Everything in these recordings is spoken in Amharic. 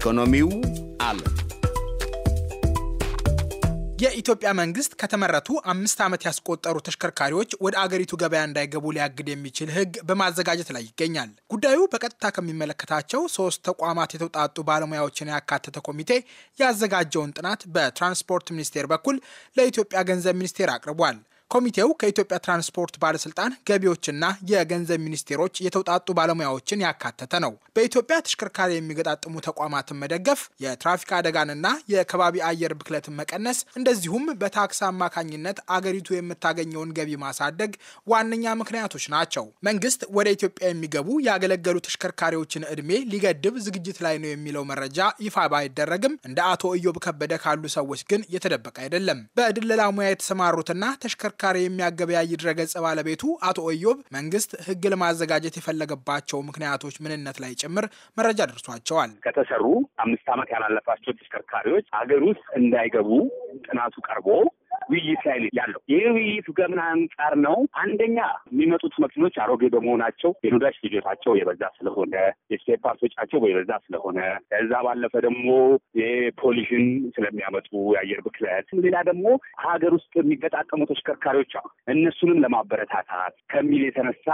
ኢኮኖሚው አለ። የኢትዮጵያ መንግስት ከተመረቱ አምስት ዓመት ያስቆጠሩ ተሽከርካሪዎች ወደ አገሪቱ ገበያ እንዳይገቡ ሊያግድ የሚችል ሕግ በማዘጋጀት ላይ ይገኛል። ጉዳዩ በቀጥታ ከሚመለከታቸው ሶስት ተቋማት የተውጣጡ ባለሙያዎችን ያካተተ ኮሚቴ ያዘጋጀውን ጥናት በትራንስፖርት ሚኒስቴር በኩል ለኢትዮጵያ ገንዘብ ሚኒስቴር አቅርቧል። ኮሚቴው ከኢትዮጵያ ትራንስፖርት ባለስልጣን ገቢዎችና የገንዘብ ሚኒስቴሮች የተውጣጡ ባለሙያዎችን ያካተተ ነው። በኢትዮጵያ ተሽከርካሪ የሚገጣጥሙ ተቋማትን መደገፍ፣ የትራፊክ አደጋንና የከባቢ አየር ብክለትን መቀነስ፣ እንደዚሁም በታክስ አማካኝነት አገሪቱ የምታገኘውን ገቢ ማሳደግ ዋነኛ ምክንያቶች ናቸው። መንግስት ወደ ኢትዮጵያ የሚገቡ ያገለገሉ ተሽከርካሪዎችን እድሜ ሊገድብ ዝግጅት ላይ ነው የሚለው መረጃ ይፋ ባይደረግም እንደ አቶ እዮብ ከበደ ካሉ ሰዎች ግን የተደበቀ አይደለም። በድለላ ሙያ የተሰማሩትና ተሽከርካሪ በጥንካሬ የሚያገበያይ ድረገጽ ባለቤቱ አቶ ኦዮብ መንግስት ህግ ለማዘጋጀት የፈለገባቸው ምክንያቶች ምንነት ላይ ጭምር መረጃ ደርሷቸዋል። ከተሰሩ አምስት ዓመት ያላለፋቸው ተሽከርካሪዎች አገር ውስጥ እንዳይገቡ ጥናቱ ቀርቦ ውይይት ላይ ያለው ይህ ውይይት ከምን አንጻር ነው? አንደኛ የሚመጡት መኪኖች አሮጌ በመሆናቸው የነዳጅ ፍጆታቸው የበዛ ስለሆነ፣ የስፔር ፓርቶቻቸው የበዛ ስለሆነ፣ ከዛ ባለፈ ደግሞ የፖሊሽን ስለሚያመጡ የአየር ብክለት፣ ሌላ ደግሞ ሀገር ውስጥ የሚገጣጠሙ ተሽከርካሪዎች አሉ። እነሱንም ለማበረታታት ከሚል የተነሳ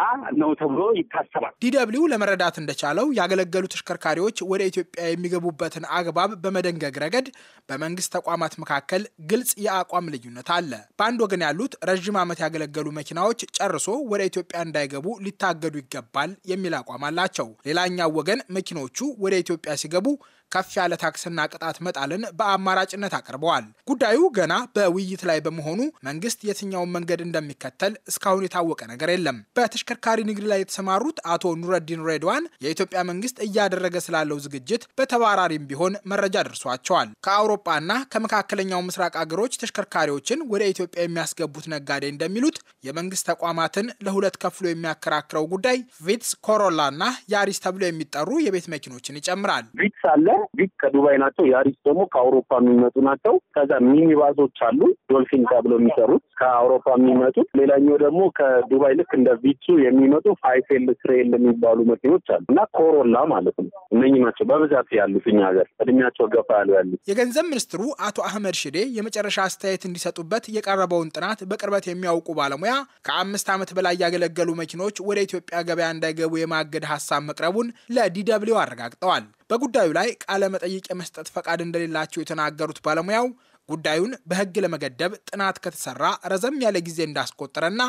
ነው ተብሎ ይታሰባል። ዲደብሊው ለመረዳት እንደቻለው ያገለገሉ ተሽከርካሪዎች ወደ ኢትዮጵያ የሚገቡበትን አግባብ በመደንገግ ረገድ በመንግስት ተቋማት መካከል ግልጽ የአቋም ልዩነት ወቅት አለ። በአንድ ወገን ያሉት ረዥም ዓመት ያገለገሉ መኪናዎች ጨርሶ ወደ ኢትዮጵያ እንዳይገቡ ሊታገዱ ይገባል የሚል አቋም አላቸው። ሌላኛው ወገን መኪኖቹ ወደ ኢትዮጵያ ሲገቡ ከፍ ያለ ታክስና ቅጣት መጣልን በአማራጭነት አቅርበዋል። ጉዳዩ ገና በውይይት ላይ በመሆኑ መንግስት የትኛውን መንገድ እንደሚከተል እስካሁን የታወቀ ነገር የለም። በተሽከርካሪ ንግድ ላይ የተሰማሩት አቶ ኑረዲን ሬድዋን የኢትዮጵያ መንግስት እያደረገ ስላለው ዝግጅት በተባራሪም ቢሆን መረጃ ደርሷቸዋል። ከአውሮፓና ከመካከለኛው ምስራቅ አገሮች ተሽከርካሪዎችን ወደ ኢትዮጵያ የሚያስገቡት ነጋዴ እንደሚሉት የመንግስት ተቋማትን ለሁለት ከፍሎ የሚያከራክረው ጉዳይ ቪትስ፣ ኮሮላ ያሪስ ተብሎ የሚጠሩ የቤት መኪኖችን ይጨምራል። ቪትስ አለ ቢግ ከዱባይ ናቸው። የአሪስ ደግሞ ከአውሮፓ የሚመጡ ናቸው። ከዛ ሚኒባሶች አሉ ዶልፊን ተብሎ የሚሰሩት ከአውሮፓ የሚመጡት። ሌላኛው ደግሞ ከዱባይ ልክ እንደ ቪቹ የሚመጡ ፋይፌል ስሬል የሚባሉ መኪኖች አሉ እና ኮሮላ ማለት ነው። እነኝ ናቸው በብዛት ያሉት እኛ ሀገር እድሜያቸው ገፋ ያሉ ያሉት። የገንዘብ ሚኒስትሩ አቶ አህመድ ሽዴ የመጨረሻ አስተያየት እንዲሰጡበት የቀረበውን ጥናት በቅርበት የሚያውቁ ባለሙያ ከአምስት ዓመት በላይ ያገለገሉ መኪኖች ወደ ኢትዮጵያ ገበያ እንዳይገቡ የማገድ ሀሳብ መቅረቡን ለዲደብሊው አረጋግጠዋል። በጉዳዩ ላይ ቃለ መጠይቅ የመስጠት ፈቃድ እንደሌላቸው የተናገሩት ባለሙያው ጉዳዩን በሕግ ለመገደብ ጥናት ከተሰራ ረዘም ያለ ጊዜ እንዳስቆጠረና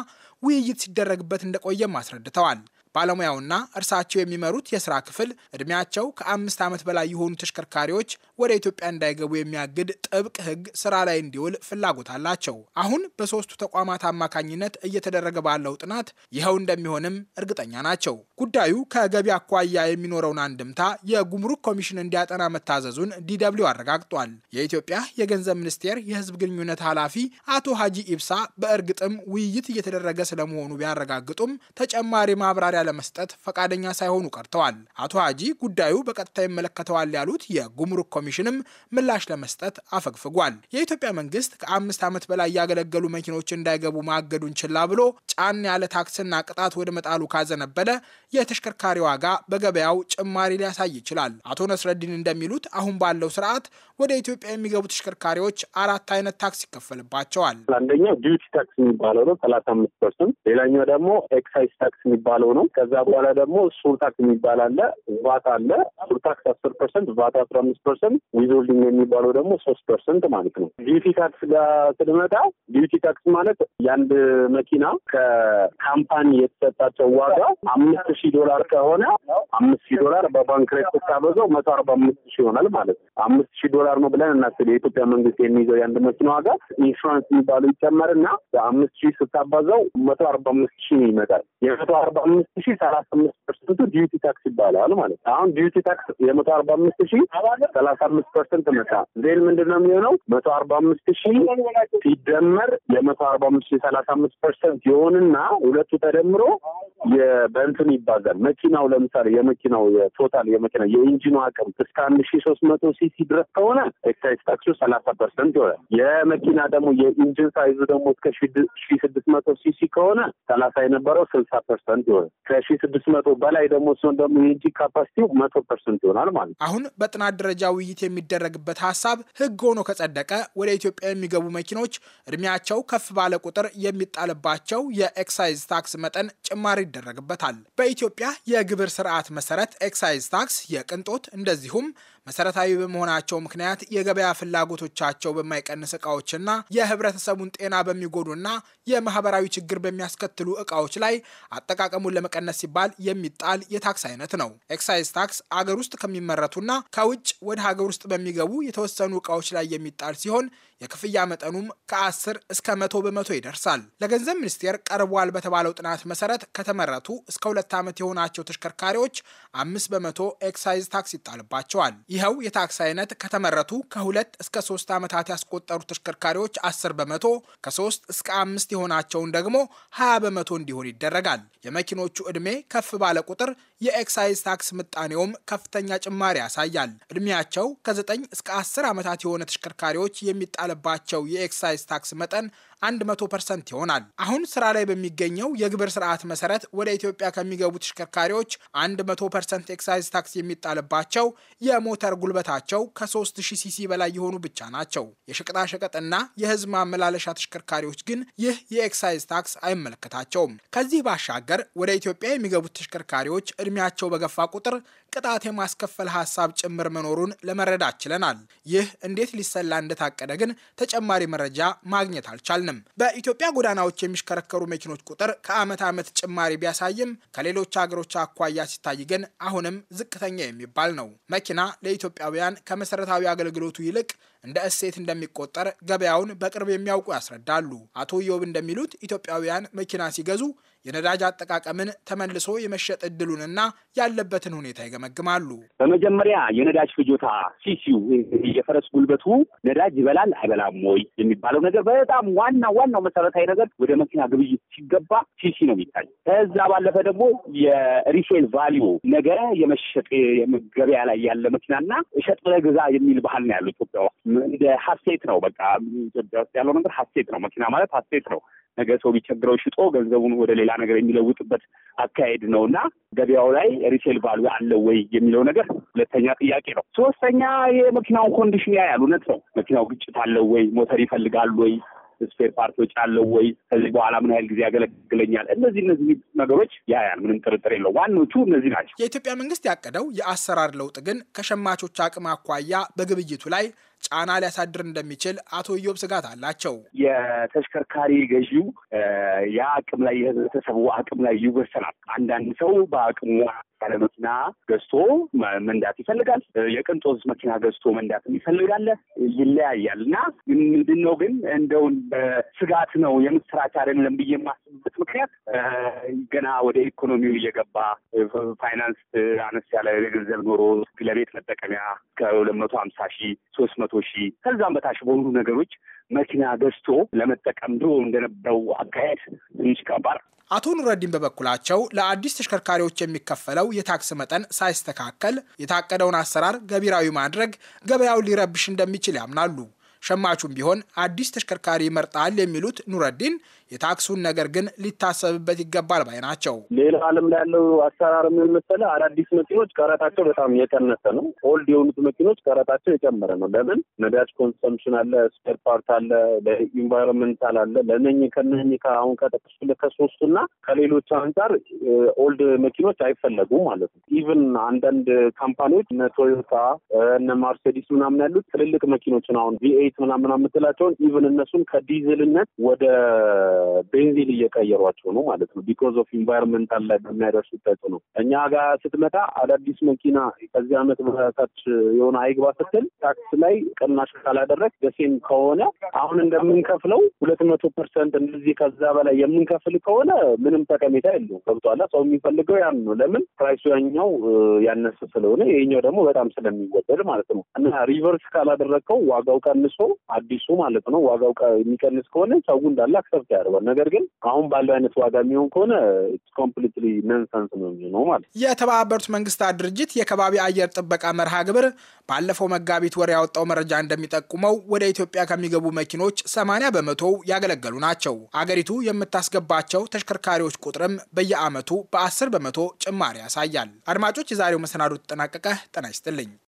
ውይይት ሲደረግበት እንደቆየም አስረድተዋል። ባለሙያውና እርሳቸው የሚመሩት የስራ ክፍል እድሜያቸው ከአምስት ዓመት በላይ የሆኑ ተሽከርካሪዎች ወደ ኢትዮጵያ እንዳይገቡ የሚያግድ ጥብቅ ሕግ ስራ ላይ እንዲውል ፍላጎት አላቸው። አሁን በሶስቱ ተቋማት አማካኝነት እየተደረገ ባለው ጥናት ይኸው እንደሚሆንም እርግጠኛ ናቸው። ጉዳዩ ከገቢ አኳያ የሚኖረውን አንድምታ የጉምሩክ ኮሚሽን እንዲያጠና መታዘዙን ዲደብሊው አረጋግጧል። የኢትዮጵያ የገንዘብ ሚኒስቴር የህዝብ ግንኙነት ኃላፊ አቶ ሀጂ ኢብሳ በእርግጥም ውይይት እየተደረገ ስለመሆኑ ቢያረጋግጡም ተጨማሪ ማብራሪያ ለመስጠት ፈቃደኛ ሳይሆኑ ቀርተዋል። አቶ ሀጂ ጉዳዩ በቀጥታ ይመለከተዋል ያሉት የጉምሩክ ኮሚሽንም ምላሽ ለመስጠት አፈግፍጓል። የኢትዮጵያ መንግስት ከአምስት ዓመት በላይ ያገለገሉ መኪኖች እንዳይገቡ ማገዱን ችላ ብሎ ጫን ያለ ታክስና ቅጣት ወደ መጣሉ ካዘነበለ የተሽከርካሪ ዋጋ በገበያው ጭማሪ ሊያሳይ ይችላል። አቶ ነስረዲን እንደሚሉት አሁን ባለው ስርዓት ወደ ኢትዮጵያ የሚገቡ ተሽከርካሪዎች አራት አይነት ታክስ ይከፈልባቸዋል። አንደኛው ዲዩቲ ታክስ የሚባለው ነው ሰላሳ አምስት ፐርሰንት። ሌላኛው ደግሞ ኤክሳይዝ ታክስ የሚባለው ነው ይሆናል። ከዛ በኋላ ደግሞ ሱልታክ የሚባል አለ፣ ቫት አለ። ሱልታክ አስር ፐርሰንት፣ ቫት አስራ አምስት ፐርሰንት፣ ዊዞልዲንግ የሚባለው ደግሞ ሶስት ፐርሰንት ማለት ነው። ዲዩቲ ታክስ ጋር ስንመጣ ዲዩቲ ታክስ ማለት የአንድ መኪና ከካምፓኒ የተሰጣቸው ዋጋ አምስት ሺህ ዶላር ከሆነ አምስት ሺህ ዶላር በባንክ ላይ ስታበዛው መቶ አርባ አምስት ሺህ ይሆናል ማለት ነው። አምስት ሺህ ዶላር ነው ብለን እናስብ። የኢትዮጵያ መንግስት የሚይዘው የአንድ መኪና ዋጋ ኢንሹራንስ የሚባለው ይጨመርና በአምስት ሺህ ስታባዛው መቶ አርባ አምስት ሺህ ይመጣል። የመቶ አርባ አምስት ሺ ሰላሳ አምስት ፐርሰንቱ ዲዩቲ ታክስ ይባላል ማለት ነው። አሁን ዲዩቲ ታክስ የመቶ አርባ አምስት ሺ ሰላሳ አምስት ፐርሰንት መጣ ዜን ምንድን ነው የሚሆነው? መቶ አርባ አምስት ሺ ሲደመር የመቶ አርባ አምስት ሺ ሰላሳ አምስት ፐርሰንት የሆንና ሁለቱ ተደምሮ በእንትን ይባዛል። መኪናው ለምሳሌ የመኪናው የቶታል የመኪና የኢንጂኑ አቅም እስከ አንድ ሺ ሶስት መቶ ሲሲ ድረስ ከሆነ ኤክሳይዝ ታክሱ ሰላሳ ፐርሰንት ይሆናል። የመኪና ደግሞ የኢንጂን ሳይዙ ደግሞ እስከ ሺ ስድስት መቶ ሲሲ ከሆነ ሰላሳ የነበረው ስልሳ ፐርሰንት ይሆናል። ከሺ ስድስት መቶ በላይ ደግሞ ሲሆን ደግሞ የኢንጂን ካፓሲቲው መቶ ፐርሰንት ይሆናል ማለት ነው። አሁን በጥናት ደረጃ ውይይት የሚደረግበት ሀሳብ ህግ ሆኖ ከጸደቀ ወደ ኢትዮጵያ የሚገቡ መኪኖች እድሜያቸው ከፍ ባለ ቁጥር የሚጣልባቸው የኤክሳይዝ ታክስ መጠን ጭማሪ ይደረግበታል። በኢትዮጵያ የግብር ስርዓት መሰረት ኤክሳይዝ ታክስ የቅንጦት እንደዚሁም መሰረታዊ በመሆናቸው ምክንያት የገበያ ፍላጎቶቻቸው በማይቀንስ እቃዎችና የህብረተሰቡን ጤና በሚጎዱና የማህበራዊ ችግር በሚያስከትሉ እቃዎች ላይ አጠቃቀሙን ለመቀነስ ሲባል የሚጣል የታክስ አይነት ነው። ኤክሳይዝ ታክስ አገር ውስጥ ከሚመረቱና ከውጭ ወደ ሀገር ውስጥ በሚገቡ የተወሰኑ እቃዎች ላይ የሚጣል ሲሆን የክፍያ መጠኑም ከአስር እስከ መቶ በመቶ ይደርሳል። ለገንዘብ ሚኒስቴር ቀርቧል በተባለው ጥናት መሰረት ከተመረቱ እስከ ሁለት ዓመት የሆናቸው ተሽከርካሪዎች አምስት በመቶ ኤክሳይዝ ታክስ ይጣልባቸዋል። ይኸው የታክስ አይነት ከተመረቱ ከሁለት እስከ ሶስት ዓመታት ያስቆጠሩ ተሽከርካሪዎች አስር በመቶ ከሶስት እስከ አምስት የሆናቸውን ደግሞ ሀያ በመቶ እንዲሆን ይደረጋል። የመኪኖቹ ዕድሜ ከፍ ባለ ቁጥር የኤክሳይዝ ታክስ ምጣኔውም ከፍተኛ ጭማሪ ያሳያል። እድሜያቸው ከ9 እስከ 10 ዓመታት የሆነ ተሽከርካሪዎች የሚጣልባቸው የኤክሳይዝ ታክስ መጠን 100 ፐርሰንት ይሆናል። አሁን ስራ ላይ በሚገኘው የግብር ስርዓት መሰረት ወደ ኢትዮጵያ ከሚገቡ ተሽከርካሪዎች 100 ፐርሰንት ኤክሳይዝ ታክስ የሚጣልባቸው የሞተር ጉልበታቸው ከ3000 ሲሲ በላይ የሆኑ ብቻ ናቸው። የሸቀጣሸቀጥና የህዝብ ማመላለሻ ተሽከርካሪዎች ግን ይህ የኤክሳይዝ ታክስ አይመለከታቸውም። ከዚህ ባሻገር ወደ ኢትዮጵያ የሚገቡት ተሽከርካሪዎች እድሜያቸው በገፋ ቁጥር ቅጣት የማስከፈል ሀሳብ ጭምር መኖሩን ለመረዳት ችለናል። ይህ እንዴት ሊሰላ እንደታቀደ ግን ተጨማሪ መረጃ ማግኘት አልቻልንም። በኢትዮጵያ ጎዳናዎች የሚሽከረከሩ መኪኖች ቁጥር ከዓመት ዓመት ጭማሪ ቢያሳይም ከሌሎች ሀገሮች አኳያ ሲታይ ግን አሁንም ዝቅተኛ የሚባል ነው። መኪና ለኢትዮጵያውያን ከመሰረታዊ አገልግሎቱ ይልቅ እንደ እሴት እንደሚቆጠር ገበያውን በቅርብ የሚያውቁ ያስረዳሉ። አቶ ኢዮብ እንደሚሉት ኢትዮጵያውያን መኪና ሲገዙ የነዳጅ አጠቃቀምን፣ ተመልሶ የመሸጥ እድሉንና ያለበትን ሁኔታ ይገመግማሉ። በመጀመሪያ የነዳጅ ፍጆታ ሲሲዩ የፈረስ ጉልበቱ ነዳጅ ይበላል አይበላም ወይ የሚባለው ነገር በጣም ዋና ዋናው መሰረታዊ ነገር ወደ መኪና ግብይት ሲገባ ሲሲ ነው የሚታይ። ከዛ ባለፈ ደግሞ የሪሴል ቫሊዩ ነገ የመሸጥ ገበያ ላይ ያለ መኪናና እሸጥ ብለህ ግዛ የሚል ባህል ነው ያለው ኢትዮጵያ እንደ ሀሴት ነው። በቃ ኢትዮጵያ ውስጥ ያለው ነገር ሀሴት ነው። መኪና ማለት ሀሴት ነው። ነገ ሰው ቢቸግረው ሽጦ ገንዘቡን ወደ ሌላ ነገር የሚለውጥበት አካሄድ ነው እና ገበያው ላይ ሪሴል ቫሉ አለው ወይ የሚለው ነገር ሁለተኛ ጥያቄ ነው። ሶስተኛ የመኪናውን ኮንዲሽን ያያል። እውነት ነው። መኪናው ግጭት አለው ወይ? ሞተር ይፈልጋሉ ወይ? ስፔር ፓርቶች አለው ወይ? ከዚህ በኋላ ምን ያህል ጊዜ ያገለግለኛል? እነዚህ እነዚህ ነገሮች ያያል። ምንም ጥርጥር የለው። ዋናዎቹ እነዚህ ናቸው። የኢትዮጵያ መንግስት ያቀደው የአሰራር ለውጥ ግን ከሸማቾች አቅም አኳያ በግብይቱ ላይ ጫና ሊያሳድር እንደሚችል አቶ ኢዮብ ስጋት አላቸው። የተሽከርካሪ ገዢው የአቅም ላይ የህብረተሰቡ አቅም ላይ ይወሰናል። አንዳንድ ሰው በአቅሙ ያለ መኪና ገዝቶ መንዳት ይፈልጋል። የቅንጦት መኪና ገዝቶ መንዳትም ይፈልጋል። ይለያያል እና ምንድን ነው ግን እንደውን ስጋት ነው የምስራች አይደለም ብዬ ማስ የሆነበት ምክንያት ገና ወደ ኢኮኖሚው እየገባ ፋይናንስ አነስ ያለ ገንዘብ ኖሮ ለቤት መጠቀሚያ ከሁለት መቶ ሀምሳ ሺ ሶስት መቶ ሺ ከዛም በታች በሁሉ ነገሮች መኪና ገዝቶ ለመጠቀም ድሮ እንደነበረው አካሄድ ትንሽ ከባድ። አቶ ኑረዲን በበኩላቸው ለአዲስ ተሽከርካሪዎች የሚከፈለው የታክስ መጠን ሳይስተካከል የታቀደውን አሰራር ገቢራዊ ማድረግ ገበያው ሊረብሽ እንደሚችል ያምናሉ። ሸማቹም ቢሆን አዲስ ተሽከርካሪ ይመርጣል የሚሉት ኑረዲን የታክሱን ነገር ግን ሊታሰብበት ይገባል ባይ ናቸው። ሌላ ዓለም ላይ ያለው አሰራር ምን መሰለህ? አዳዲስ መኪኖች ቀረጣቸው በጣም የቀነሰ ነው። ኦልድ የሆኑት መኪኖች ቀረጣቸው የጨመረ ነው። ለምን? ነዳጅ ኮንሰምሽን አለ፣ ስፔር ፓርት አለ፣ ለኢንቫይሮንመንታል አለ። ለነኝ ከነኝ አሁን ከጠቅሱ ከሶስቱና ከሌሎች አንጻር ኦልድ መኪኖች አይፈለጉም ማለት ነው። ኢቨን አንዳንድ ካምፓኒዎች እነ ቶዮታ እነ ማርሴዲስ ምናምን ያሉት ትልልቅ መኪኖችን አሁን ቪኤት ምናምን የምትላቸውን ኢቨን እነሱን ከዲዝልነት ወደ ቤንዚን እየቀየሯቸው ነው ማለት ነው። ቢኮዝ ኦፍ ኢንቫይሮንመንታል ላይ በሚያደርሱት ተጽዕኖ እኛ ጋር ስትመጣ አዳዲስ መኪና ከዚህ አመት በታች የሆነ አይግባ ስትል ታክስ ላይ ቅናሽ ካላደረግ በሴም ከሆነ አሁን እንደምንከፍለው ሁለት መቶ ፐርሰንት እንደዚህ ከዛ በላይ የምንከፍል ከሆነ ምንም ጠቀሜታ የለውም። ገብቷላ። ሰው የሚፈልገው ያን ነው። ለምን ፕራይሱ ያኛው ያነሰ ስለሆነ ይሄኛው ደግሞ በጣም ስለሚወደድ ማለት ነው። እና ሪቨርስ ካላደረግከው ዋጋው ቀንሶ አዲሱ ማለት ነው ዋጋው የሚቀንስ ከሆነ ሰው እንዳለ አክሰብት ያደርጋል። ቀርቧል። ነገር ግን አሁን ባለው አይነት ዋጋ የሚሆን ከሆነ ኮምፕሊትሊ ነንሰንስ ነው የሚሆነው ማለት። የተባበሩት መንግስታት ድርጅት የከባቢ አየር ጥበቃ መርሃ ግብር ባለፈው መጋቢት ወር ያወጣው መረጃ እንደሚጠቁመው ወደ ኢትዮጵያ ከሚገቡ መኪኖች ሰማንያ በመቶው ያገለገሉ ናቸው። አገሪቱ የምታስገባቸው ተሽከርካሪዎች ቁጥርም በየአመቱ በአስር በመቶ ጭማሪ ያሳያል። አድማጮች፣ የዛሬው መሰናዶ ተጠናቀቀ። ጤና ይስጥልኝ።